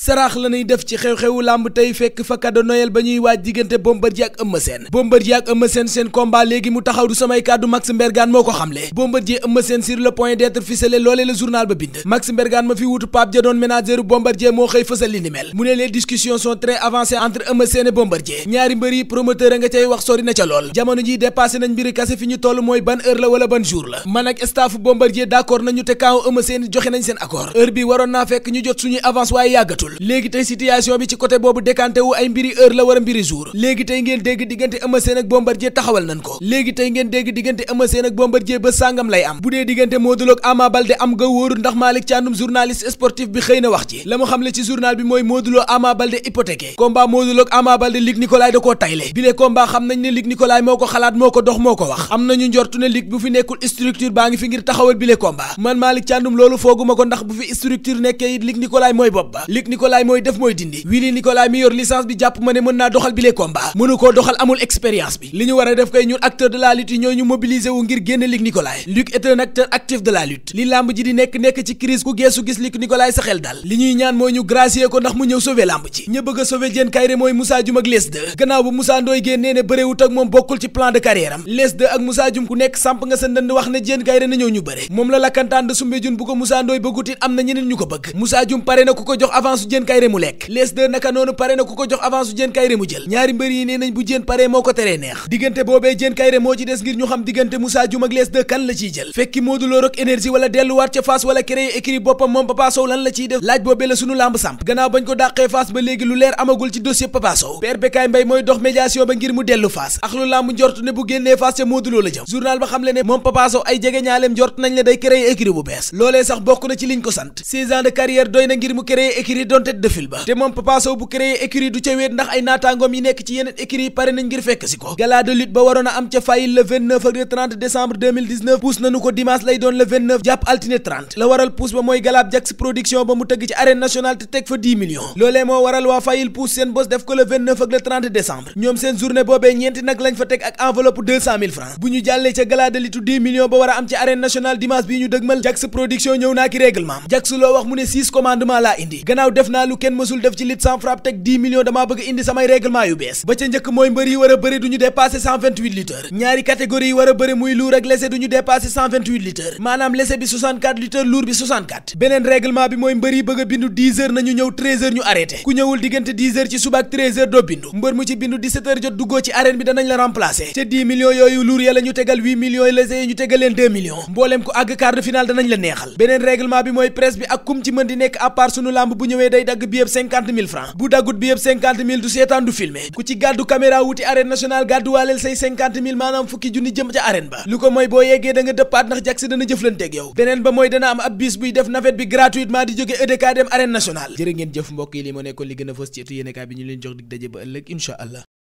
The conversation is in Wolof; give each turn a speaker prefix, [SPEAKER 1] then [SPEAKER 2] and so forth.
[SPEAKER 1] saraax la ñuy def ci xew-xewu làmb tey fekk fa cadeau Noël ba ñuy waaj diggante Bombardier ak Eumeu Sène ak Eumeu seen combat léegi mu taxaw du samay kàddu Max Mbergane moo ko xamle Bombardier Eumeu Sène sur le point d'être ficelé loolee la journal ba bind Max Mbergane ma fi wutu Pape Ja doon ménageru Bombardier moo xëy fësal li mu ne les discussions sont très avancées entre Eumeu et Bombardier ñaari mbër promoteur a nga cay wax sori mooy ban heure la wala ban jour la man ak staffu Bombardier d'accord nañu waroon naa fekk jot suñuy avance waaye léegi tey situation bi ci côté boobu décanté ay mbiri heure la war a mbiri jour léegi tey ngeen dégg diggante Eumeu ak Bombardier taxawal nañ ko léegi tey ngeen dégg diggante Eumeu ak Bombardier ba sàngam lay am bu dee diggante Modou Lo ak Ama Baldé am nga wóorul ndax Malick Thiandoum journaliste sportif bi xëy na wax ci la mu xamle ci journal bi mooy Modou Lo Ama Baldé hypothéqué combat Modou Lo da koo tayle bile combat xam nañ Nicolay mooy def mooy li ñu ji di nekk nekk ci crise ku geesu gis Luc Nicolay sa dal li ñuy ñaan mooy ñu gracier ko ndax mu ñëw sauver làmb ji ña bëgg a sauver Diène mooy Moussa Dioum ak Les gannaaw ba Moussa Ndoye génnee ne bëreewut ak moom bokkul ci plan de carrière am ak Moussa Dioum ku nekk samp nga sa ndënd wax ne Diène Kaïré na ñëw ñu bëre moom la lakkantaan de Soumbédioune bu ko Moussa Ndoye bëggut am na ñeneen ñu ko bëgg Moussa Dioum pare na ku ko jox avance avance su Diène Kairé les deux naka noonu pare na ku ko jox avance su Diène Kairé mu jël ñaari mbër yi nee nañ bu Diène paree moo ko teree neex diggante boobee Diène Kairé moo ci des ngir ñu xam diggante Moussa Dioum ak les deux kan la ciy jël fekki Modou Lo rek énergie wala delluwaat ca Fass wala créer écrit boppam moom Papa Sow lan la ciy def laaj boobee la sunu lamb samp gannaaw bañ ko dàqee Fass ba léegi lu leer amagul ci dossier Papa Sow père mooy dox médiation ba ne bu génnee Fass ca bokk na ci liñ ko sant 16 doon tête de te moom Papa bu créé écurie du ca wéet ndax ay naataangoom yi nekk ci yeneen écurie yi pare nañ ngir fekk si ko gala de lutte ba waroon a am ca fayil le 29 ak le 30 décembre 2019 pousse nañu ko dimanche lay doon le jàpp altine 30 la waral pousse ba mooy galaab jax production ba mu tëgg ci arène nationale te teg fa 10 millions loolee moo waral waa fayil pousse seen bos def ko le 29 ak le 30 décembre ñoom seen journée boobee ñeenti nag lañ fa teg ak enveloppe a am ci arène def naa lu kenn mësul def ci lutte sans frappe teg 10 millions damaa bëgg indi samay règlement yu bees ba njëkk mooy mbër yi a bëri du ñu dépassé 128 litres ñaari catégorie yi war a bëri muy lourd ak léger du ñu dépassé 128 maanaam léger bi 64 litres bi beneen règlement bi mooy mbër bëgg a bindu 10 heures nañu ñëw 13 heures ñu arrêté ku ñëwul diggante 10 heures ci suba ak 13 doo bindu mbër mu ci bindu 17 heures jot duggoo ci arène bi danañ day dagg bi yëpp cinquante mille francs bu daggut bi yëpp cinquante mille du seetaan du filmé ku ci gàddu caméra wuti arène nationale gàdduwaaleel say cinquante mille maanaam fukki junni jëm ca arène ba lu ko mooy boo yeggee da dëppaat ndax jag si dana jëflanteeg yow beneen ba mooy dana am ab bis buy def navette bi gratuitement di jóge EDK dem arène nationale jërë ngeen jëf mbokk yi moo nekkoon li gën a fës ci ëttu yéenekaay bi ñu leen jox dig daje ba ëllëg incha allah